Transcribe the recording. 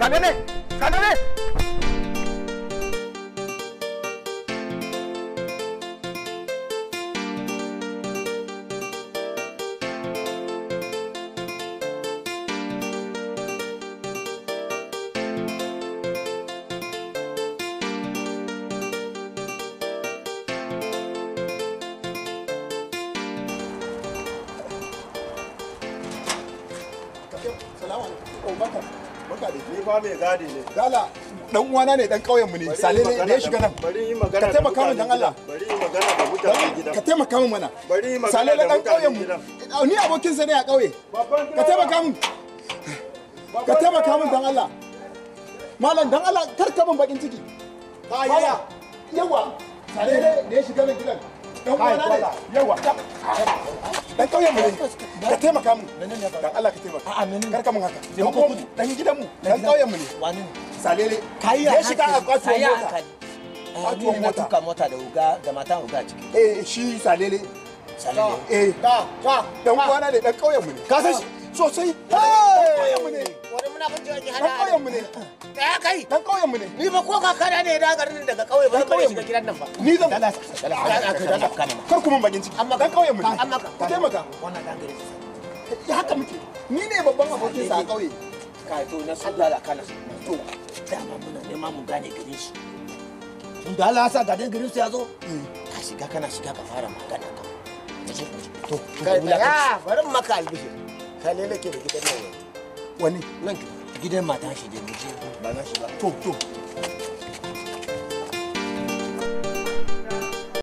Sang đến đi Sang đến đi Selam aleyküm. Olmaz. ni fa gadi ne dala dan uwana ne dan kauyen ne sale ne ya shiga nan ka taimaka min dan Allah bari yi magana mutanen gidan ka taimaka min mana bari yi magana dan kauyen ni abokin sa ne a ƙauye ka taimaka min ka taimaka dan Allah malam dan Allah kar ka min bakin ciki ba yaya yawa sale ne ya shiga nan gidan dan uwana ne yawa dan kauyen ne ka taimaka mu dan Allah ka taimaka a'a menene kar ka mun haka taimako dan gidan mu dan kauyen mu ne wani ne salele kai ya shiga a kwatuwa mota kwatuwa eh, mota ka mota da uga da uga ciki eh shi salele salele eh dan kwana ne dan kauyen mu ne ka san shi ah. sosai kauyen mu ne muna bincike ki hada. Dan kauyen mu ne. Kaya kai. Dan kauyen mu ne. Ni fa ko kakana ne da garin daga kauye ba zan shiga gidan nan ba. Ni zan. Dala dala dala. Kar ku mun ciki. Amma dan kauyen ne. Amma ka taimaka. Wannan dan gari. Haka muke. Ni ne babban abokin sa a kauye. Kai to na sun lala kana. To dama muna nema mu gane garin shi. Tun da Allah ya sa garin su ya zo. Eh, ka shiga kana shiga ka fara magana ka. To, kai ya bari maka albishir. Ka ne nake da gidan nan. wani nan gidan mata shi ba na shi ba to to